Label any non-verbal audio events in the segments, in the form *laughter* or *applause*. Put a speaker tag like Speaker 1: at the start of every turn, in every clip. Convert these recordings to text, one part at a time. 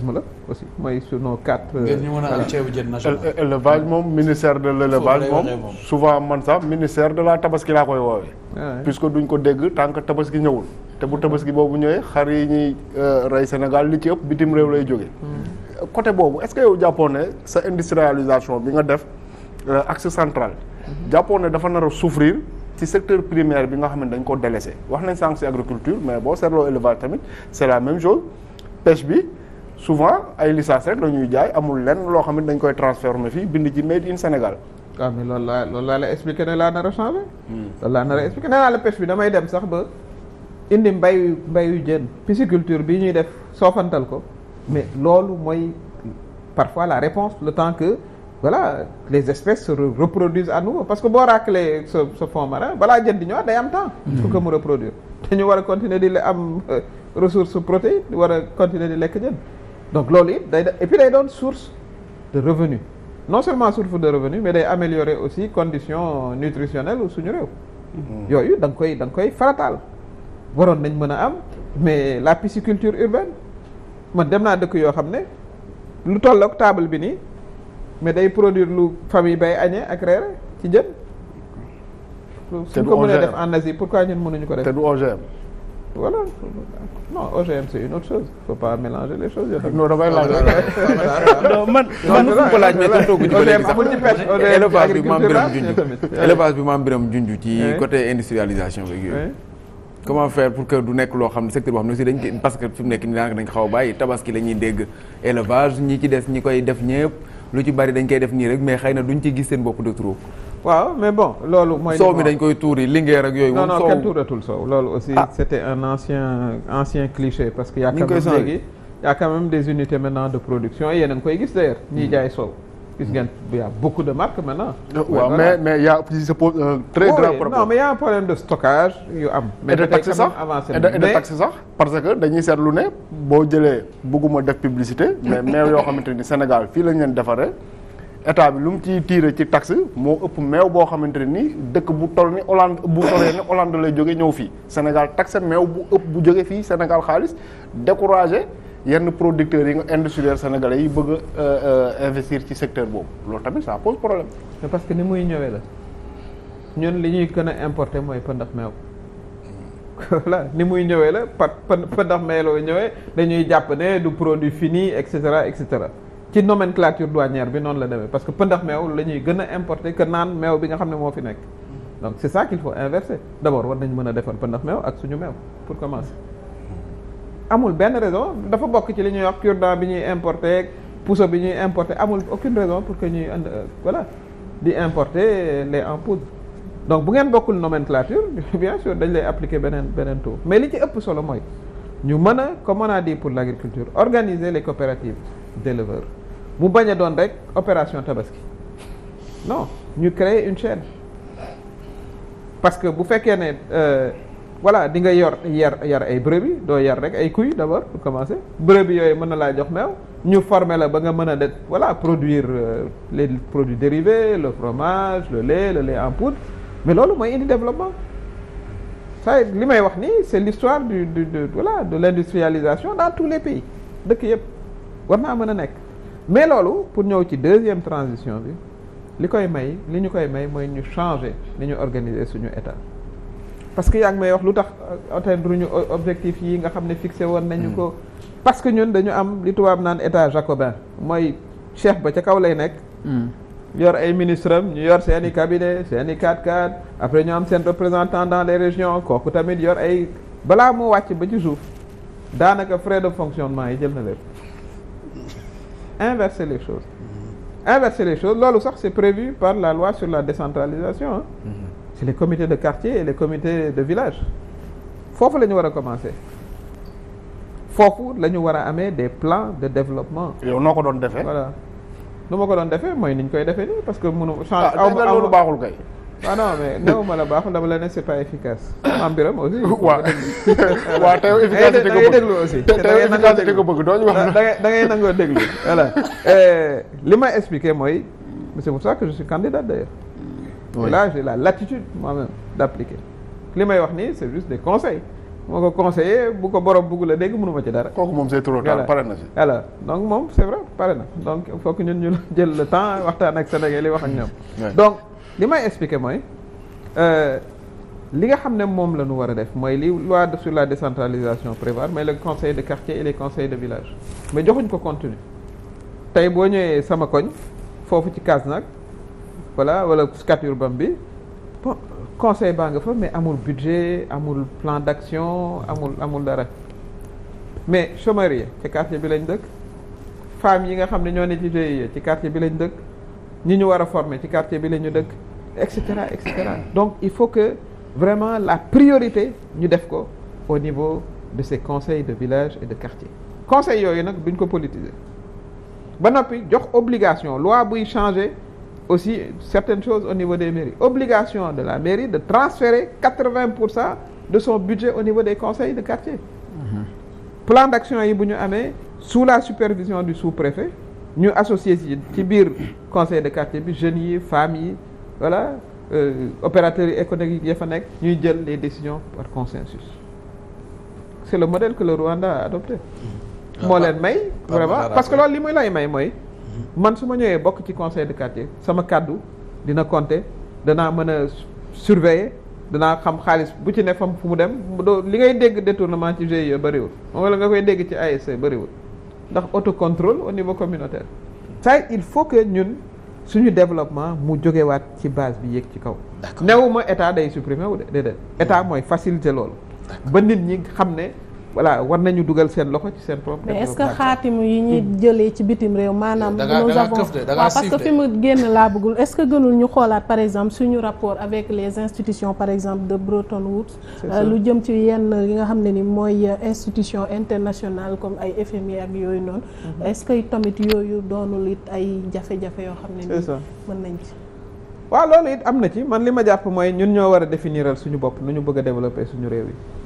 Speaker 1: tourisme la mooy sunu quatre. ceebu jën national. élevage moom ministère de l' élevage moom souvent man sax ministère de la tabaski laa koy woowee. Ah puisque duñ ko dégg tant que tabaski ñëwul. te bu tabaski boobu ñëwee xar yi ñuy euh, rey Sénégal li ci ëpp bitim réew lay jóge hmm. côté boobu est-ce que yow jàppoon ne sa industrialisation bi nga def euh, axe central. Hmm. jàppoon ne dafa nar a souffrir. ci secteur primaire bi nga xam ne dañ ko délaissé wax nañ sànq si agriculture mais boo setloo élevage tamit c'est la même chose pêche bi souvent ay licence rek la ñuy jaay amul lenn loo xam ne dañ koy transformer fii bind ci made in Sénégal.
Speaker 2: waaw ah, mais loolu laa loolu la expliqué ne laa nar a changé. Hmm. loolu laa nar a expliqué ne laa la pêche bi damay dem sax ba indi mbayu mbayu jën culture bi ñuy def soofantal ko mais loolu mooy parfois la réponse le temps que voilà les espèces se reproduisent à nouveau parce que boo raclé sa sa fond marin balaa jën di ñëwaat day am temps. pour hmm. que mu reproduire *laughs* te ñu war a continuer di am euh, ressource protéine war a continuer di lekk donc loolu it day et puis day doon source de revenu non seulement source de revenu mais day améliorer aussi condition nutritionnelle suñu réew mm-hmm. yooyu da nga koy da nga koy farataal waroon nañ mën a am mais la pisciculture urbaine man dem naa dëkk yoo xam ne lu toll ak table bi nii mais day produire lu famille bay añee ak reere ci jën suñ ko mënee def en Asie pourquoi ñun mënuñu ko def voilà non OGM c'est une autre chose faut pas mélanger les choses. non damay laaj rek non man. man ko laaj mais tontu ko ci élevage bi maam Birame junj élevage ci côté industrialisation beeg yooyu.
Speaker 1: comment faire pour que du nekk loo xam ne secteur boo xam ne aussi dañ parce que fi mu nekk nii daanaka dañ ko xaw a bàyyi tabaski la dégg élevage ñi ci des ñi koy def ñëpp lu ci bari dañ koy def nii rek mais xëy na duñ ci gis seen bopp de
Speaker 2: trop. waaw mais bon loolu. mooy soow mi dañ koy tuuri lingeer ak yooyu. non non kenn tuuratul soow loolu aussi ah. c'était un ancien ancien cliché parce que. y a quand même léegi y a quand même des unités maintenant de production yéen a ngi koy gis d'ailleurs ñiy hmm. jaay soow. gis ngeen y' a beaucoup de marques maintenant. Euh, waaw mais
Speaker 1: mais y' a se pose un
Speaker 2: très grand problème. non mais y' a un problème de stockage yu am. mais de taxe sax et de taxe sax
Speaker 1: parce que dañuy seetlu ne boo jëlee bëgguma def publicité. mais mais yoo xamante ni Sénégal fii lañ leen defaree. état bi lu mu ci tiire ci taxe moo ëpp meew boo xamante ne ni dëkk bu toll ni Hollande bu tollee ni Hollande lay jóge ñëw fii Sénégal taxe meew bu ëpp bu jóge fii Sénégal xaalis découragé yenn producteurs yi nga industriels sénégalais yi bëgg a euh, euh, investir ci secteur boobu loolu tamit ça pose problème.
Speaker 2: parce que ni muy ñëwee la ñun li ñuy kën a importer mooy pëndax meew. voilà ni muy ñëwee la pat pëndax meew loo ñëwee dañuy jàpp ne du produit fini et cetera et cetera. ci nomenclature douanière bi noonu la demee parce que pëndax meew la ñuy gën a importer que naan meew bi nga xam ne moo fi nekk donc c'est ça qu'il faut inverser d'abord war nañ mën a defar pëndax meew ak suñu meew pour commencer amul benn raison dafa bokk ci li ñuy wax bi ñuy importer puso bi ñuy importé amul aucune raison pour que ñuy and euh, voilà di importer les en poudre donc bu ngeen bokkul nomenclature *laughs* bien sûr dañ lay appliquer beneen beneen mais li ci ëpp solo mooy ñu mën a comme on a dit pour l'agriculture organiser les coopératives d'éleveurs mu bañ a doon rek opération tabaski non ñu créer une chaine parce que bu fekkee ne euh, voilà di nga yor yar yar ay brebis doo yar rek ay kuy d'abord pour commencer brebis yooyu mën na laa jox meew ñu former la ba nga mën a def voilà produire euh, les produits dérivés le fromage le lait le lait en poudre mais loolu mooy indi développement ça li may wax nii c'est l'histoire du du de voilà de l'industrialisation dans tous les pays dëkk yëpp war naa mën a nekk mais loolu pour ñëw ci deuxième transition bi li koy may li ñu koy may mooy ñu changer ni ñu organiser suñu état parce que yaa ngi may wax lu tax euh, atteindre ñu euh, objectif yi nga xam ne fixé woon nañu hmm. ko parce que ñun dañu am li tubaab naan état jacobin mooy chef ba ca kaw lay nekk hmm. yor ay ministre am ñu yor seen i cabinet seen i 4x4 après ñu am seen représentant dans les régions kooku tamit yor ay balaa mu wàcc ba ci suuf daanaka frais de fonctionnement yi jël na lépp inverser les choses inverser les choses loolu sax c'est prévu par la loi sur la décentralisation hein. Mm-hmm. c'est les comités de quartier et les comités de village foofu la ñu war a commencer foofu la ñu war a amee des plans de développement yow noo ko doon defee voilà nu ma ko doon defee mooy ni ñu koy defee nii parce que mënu ah, change aw loolu baaxul kay ah non mais néew ma la baaxul dama la ne c'est pas efficace. am mbiram aussi. waaw waaw tey efficacité da ngay déglu aussi. te tey efficacité ko bëgg doo ñu wax. da ngay da ngay nangoo déglu voilà. li may expliquer mooy c'est pour ça que je suis candidat d'ailleurs. oui là j'ai la latitude moi-même d'appliquer. li may wax nii c'est juste des conseils. moo ko conseillé bu ko borom bëgg la dégg mënu ma ci dara. kooku moom c'est trop tard pare na si. voilà donc moom c'est vrai pare na donc il faut que ñun ñu jël le temps waxtaan ak Sénégal yi wax ak li may expliquer mooy euh, li nga xam ne moom la ñu war a def mooy li loi sur la décentralisation prévoir mais le conseil de quartier et les conseils de village mais joxuñ ko contenu tey boo ñëwee sama koñ foofu ci Kasnack voilà wala scat bam bi conseil baa nga fa mais amul budget amul plan d'action amul amul dara mais chômeurs yi ci quartier bi lañ dëkk femmes yi nga xam ne ñoo ne ci GIE ci quartier bi lañ dëkk ñi ñu war a former ci quartier bi la ñu dëkk et cetera et donc il faut que vraiment la priorité ñu def ko au niveau de ces conseil de village et de quartier conseil yooyu nag bi ñu ko politiser ba noppi jox obligation loi buy changer aussi certaines choses au niveau des mairies obligation de la mairie de transférer quatre-vingt pour cent de son budget au niveau des conseils de quartier mhm. plan d'action yi bu ñu amee sous la supervision du sous-préfet ñu associé si ci biir conseil de quartier bi jeunes yi femmes yi voilà euh, opérateurs yi économiques yi fa nekk ñuy jël les décisions par consensus c'est le modèle que le Rwanda a adopté ah, moo leen may vraiment parce que loolu li muy lay may mooy mm-hmm. man su ma ñëwee bokk ci conseil de quartier sama kàddu dina compter danaa mën a surveiller danaa xam xaalis bu ci ne fam fu mu dem mu doo li ngay dégg détournement ci GIE bariwul moom la nga koy dégg ci ASC e bëriwul ndax autocontrôle au niveau communautaire ça il faut que ñun suñu développement mu jógewaat ci base bi yéeg ci kaw newuma état day supprimer wu de déedéet état mooy facilité loolu ba nit ñi xam ne voilà war nañu dugal seen loxo ci seen propre mais est-ce que xaatimu yi ñuy hmm. jëlee ci bitim réew maanaam nous avons fi mu génn laa bëggul est-ce que gënul ñu xoolaat par exemple suñu rapport avec les institutions par exemple de Bretton Woods euh, lu jëm ci yenn yi nga xam ne ni mooy euh, institution internationale comme ay FMI yooyu noonu mhm. est-ce que tamit yooyu doonul it ay jafe yoo xam ne ni mën nañ ci waaw loolu it na ci man li ma jàpp mooy ñun ñoo war a définiral suñu bopp nu ñu bëgg a suñu réew yi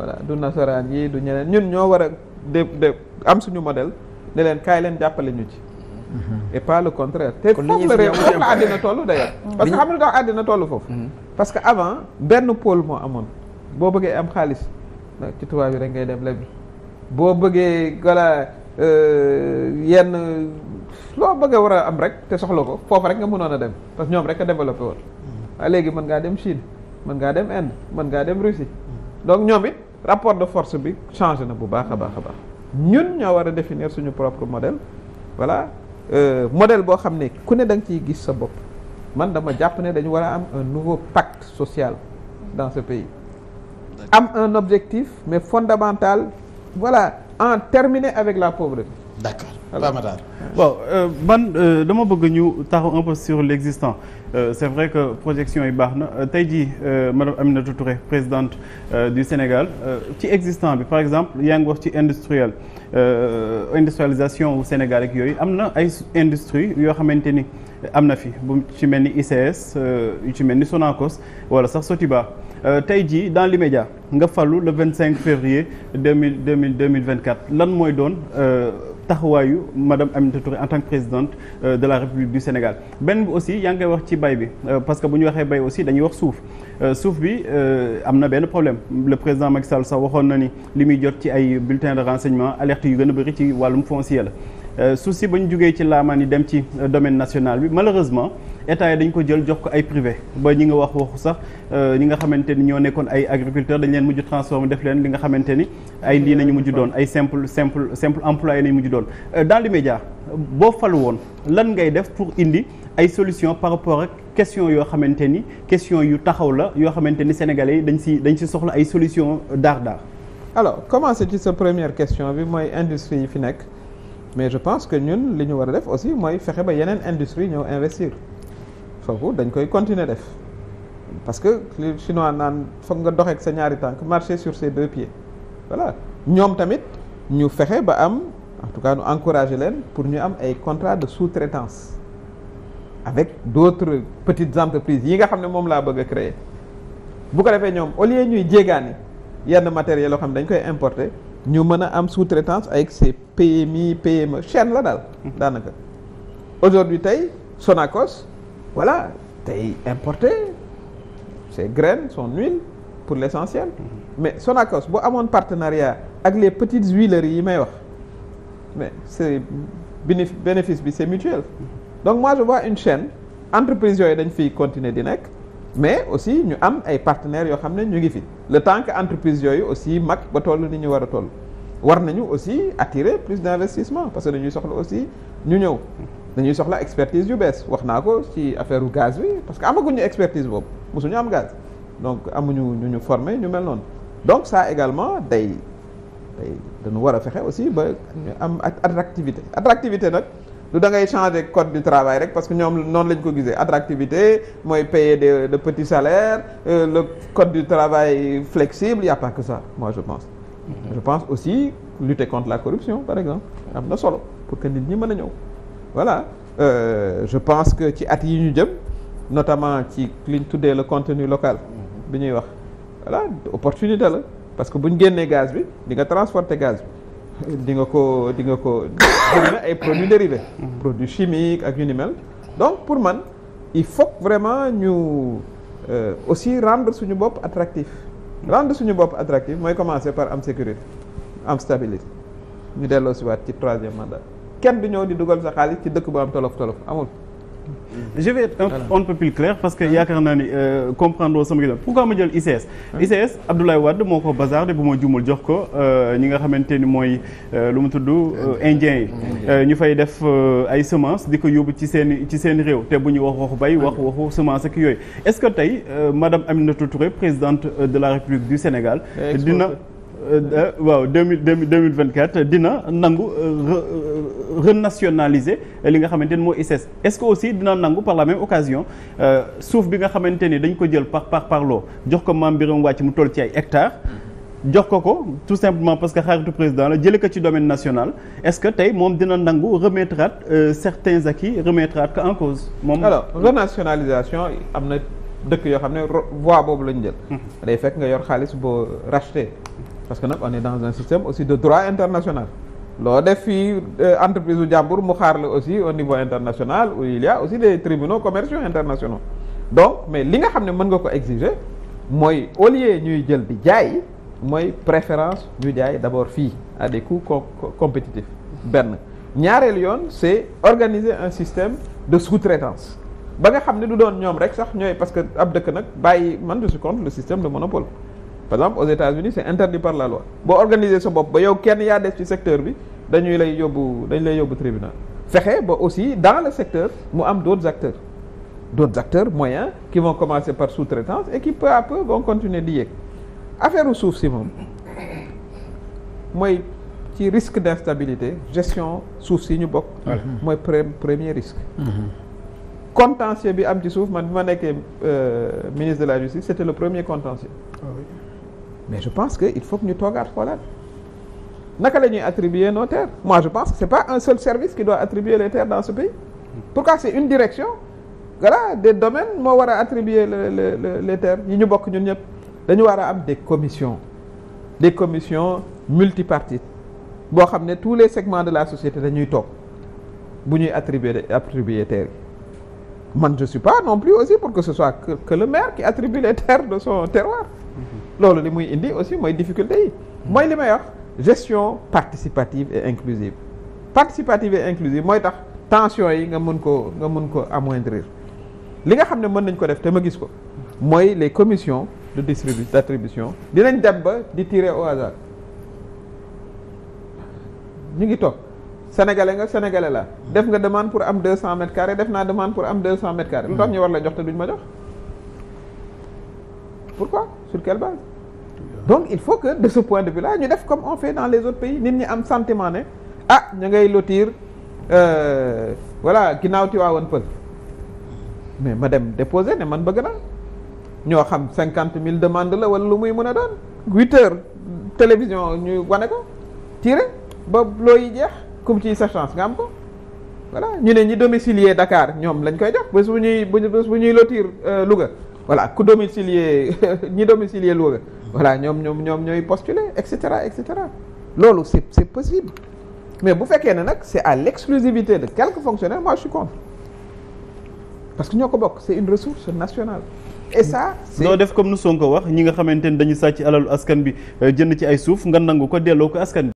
Speaker 2: voilà du nasoraan yii du ñeneen ñun ñoo war a de de am suñu model ne leen kaay leen jàppale ñu ci. Mhm. et pas le contraire. te foofu la réew foofu àddina toll d'ailleurs. Mhm. parce que xam nga dafa àddina toll foofu. Mhm. parce que avant benn pôle moo amoon boo bëggee am xaalis ci tubaab yi rek ngay dem lebi boo bëggee voilà euh, yenn loo bëgg war a am rek te soxla ko foofu rek nga mënoon a dem parce que ñoom rek a développé woon. waaye ah, léegi mën ngaa dem Chine mën ngaa dem Inde mën ngaa dem Russie donc ñoom rapport de force bi changé na bu baax a baax a baax ñun ñoo war a définir suñu propre modèle voilà euh, modèle boo xam ne ku ne da nga ciy gis sa bopp man dama jàpp ne dañu war a am un nouveau pacte social dans ce pays am un objectif mais fondamental voilà en terminer avec la pauvreté d'accord Pamatar
Speaker 3: bon euh, man euh, dama bëgg ñu taxaw un peu sur l' existant euh, vrai que projection yi baax na euh, tey jii madame Aminata Touré présidente euh, du Sénégal ci existant bi par exemple yaa ngi wax ci industriel industrialisation wu Sénégal ak yooyu am na ay industrie yoo xamante ni am na fi bu ci mel ni ICS yu ci mel ni Sonacos wala sax Sotiba tey jii dans l'immédiat nga fallu le 25 février 2000 2024 lan mooy doon. taxawaayu madame Aminata Touré en tant que présidente euh, de la République du Sénégal benn bi aussi yaa ngi koy wax ci bay bi euh, parce que bu ñu waxee bay aussi dañuy wax suuf euh, suuf bi am na benn problème le président Macky Sall sax waxoon na ni li muy jot ci ay bulletins de renseignement alerte yu gën a bëri ci wàllum foncier la suuf si ba ñu jugee ci laamaan yi dem ci domaine national bi malheureusement état yi dañ ko jël jox ko ay privé ba ñi nga wax waxu sax euh, ñi nga xamante ni ñoo nekkoon ay agriculteur dañ leen mujj transformé def leen li nga xamante ni ay lii nañu mujj doon ay simple simple simple employé nañu mujj doon euh, dans les médias boo falu woon lan ngay def pour indi ay solution par rapport ak question yoo xamante ni question yu taxaw la yoo xamante ni sénégalais yi dañ si dañ si soxla ay solution
Speaker 2: daar daar alors commencer ci sa première question bi mooy industrie yi fi nekk mais je pense que ñun li ñu war a def aussi mooy fexe ba yeneen industrie ñëw investir foofu dañ koy continuer def parce que li chinois naan foog nga doxeek sa ñaari tànk marcher sur ses deux pieds voilà ñoom tamit ñu fexe ba am en tout cas ñu encourager leen pour ñu am ay contrat de sous-traitance avec d'autres petites entreprises yi nga xam ne moom laa bëgg a créer bu ko defee ñoom au lieu ñuy jéegaani yenn matériel yoo xam ne dañ koy importer ñu mën a am sous-traitance avec mi PMI PME chaîne la daal mhm. daanaka aujourd'hui tey Sonacos voilà tey importé ces grain son huile pour l'essentiel mhm. mais Sonacos boo amoon partenariat ak les petites huileries yi may wax mais c'est bénéfice bi c'est mutuel mhm. donc moi je vois une chaîne entreprise yooyu dañ fiy continuer di nekk mais aussi ñu am ay partenaires yoo xam ne ñu ngi fi le temps que entreprise yooyu aussi mag ba toll ni ñu war a toll war nañu aussi attirer plus d'investissement parce que ñuy soxla aussi ñu ñëw dañuy soxla expertise yu bees wax naa ko ci affaire gaz bi parce que amaguñu expertise boobu mosuñu am gaz donc amuñu ñu ñu former ñu mel noonu donc ça également day day dañu war a fexe aussi ba ñu am attractivité attractivité nag lu da ngay changer code du travail rek parce que ñoom noonu lañ ko gisee attractivité mooy payer de de petits salaires euh, le code du travail flexible ya a pas que ça moi je pense mm-hmm. je pense aussi lutter contre la corruption par exemple am na solo pour que nit ñi mën a ñëw voilà euh, je pense que ci at yi ñu jëm notamment ci liñ tuddee le contenu local bi ñuy wax voilà opportunité la parce que bu ñu génnee gaz bi di nga transporter gaz bi di nga ko di nga ko ay produits dérivés produits chimiques ak yu ni mel donc pour man il faut vraiment ñu euh, aussi rendre suñu bopp attractif rendre suñu bopp attractif mooy commencer par am sécurité am stabilité ñu delloo si waat ci troisième mandat kenn du ñëw di dugal sa xaalis ci dëkk bu am tolof tolof amul. je vais
Speaker 3: parce que yaakaar naa ni euh, comprendre loo sama gi pourquoi ma jël ICS ICS Abdoulaye Wade moo ko bazardé bu ma jumul jox ko euh, ñi nga xamante ni mooy euh, lu mu tudd indien yi ñu fay def ay semence di ko yóbbu ci seen ci seen réew te bu ñu wax waxu bay wax waxu semence ak yooyu est-ce que tey madame Aminata Touré présidente de la République du Sénégal dina Euh, waaw deux mille deux mille vingt quatre dina nangu euh, euh, renationaliser li nga xamante ni moo ICS e est-ce que aussi dina nangu par la même occasion suuf bi nga xamante ni dañ ko jël par par parloo jox ko maam Birame wàcc mu toll ci ay hectares. jox ko ko tout simplement parce que xaritu président la jëlee ko ci domaine national est-ce que tey moom dina nangu remettre at certains acquis remettre at ko en cause. moom alors
Speaker 2: renationalisation am na dëkk yoo xam ne voie boobu lañ jël. Mhm. fekk nga yor xaalis boo racheté. parce que nag on est dans un système aussi de droit international loo def fii euh, entreprise u jàmbur mu xaar la aussi au niveau international où il y a aussi des tribunaux commerciaux internationaux donc mais li nga xam ne mën nga ko exiger mooy au lieu ñuy jël di jaay mooy préférence ñu jaay d'abord fii à des coûts compétitifs benn ñaareel yoon c'est organiser un système de sous-traitance ba nga xam ne du doon ñoom rek sax ñooy parce que ab dëkk nag bàyyi man je suis contre le système de monopole par exemple aux États-Unis c'est interdit par la loi boo organiser sa bopp ba yow kenn yaa des ci secteur bi dañuy lay yóbbu dañu lay yóbbu tribunal fexe ba aussi dans le secteur mu am d'autres acteurs d'autres acteurs moyens qui vont commencer par sous-traitance et qui peu à peu vont continuer di yéeg affaire suuf si moom mooy ci risque d'instabilité gestion suuf si ñu bokk mooy premier risque mm-hmm. contentieux bi am ci suuf man bi ma nekkee euh, ministre de la justice c'était le premier contentieux ah mais je pense que il faut que ñu toogaat xoolaat naka la ñuy attribuer nos terres moi je pense que c'est pas un seul service qui doit attribuer les terres dans ce pays pourquoi c'est une direction voilà des domaines moo war a attribuer le, le, le, les terres yi ñu bokk ñun ñëpp dañu war a am de commissions des commissions multipartites boo xam ne tous les segments de la société dañuy toog bu ñuy attribuer attribuer terres yi man je suis pas non plus aussi pour que ce soit que, que le de son terroir loolu li muy indi aussi mooy difficulté yi mooy li may wax gestion participative et inclusive participative et inclusive mooy tax tension yi nga mën ko nga mën ko amoindrir li nga xam ne mën nañ ko def te ma gis ko mooy les commissions de distribu d'attribution dinañ dem ba di tirer au hasard ñu ngi toog sénégalais nga sénégalais la def nga demande pour am deux cent def naa demande pour am deux cent lu tax ñu war la jox te duñ ma jox pourquoi sur quelle base donc il faut que de ce point de vue là ñu def comme on fait dans les autres pays nit ñi am sentiment ne ah ñu ngay lotir euh, voilà ginnaaw Tivaouane Peulh mais ma dem déposer ne man bëgg naa ñoo xam cinquante mille demande la wala lu muy mën a doon huit télévision ñu wane ko tiré ba looy jeex comme ci sa chance nga am ko voilà ñu ne ñi domicilier dakaar ñoom lañ koy jox bés bu ñuy bés bu ñuy lotir euh, Louga voilà ku domicilier *laughs* ñi domicilier Louga voilà ñoom ñoom ñoom ñooy postuler et cetera et cetera loolu c'est c'est possible mais bu fekkee ne nag c'est à l'exclusivité de quelques fonctionnaires moi je parce que ñoo ko bokk c'est une ressource nationale et ça
Speaker 3: c'est doo def comme nu Sonko wax ñi nga xamante ni dañu sàcc alalu askan bi euh, jënd ci ay suuf nga nangu ko delloo ko askan bi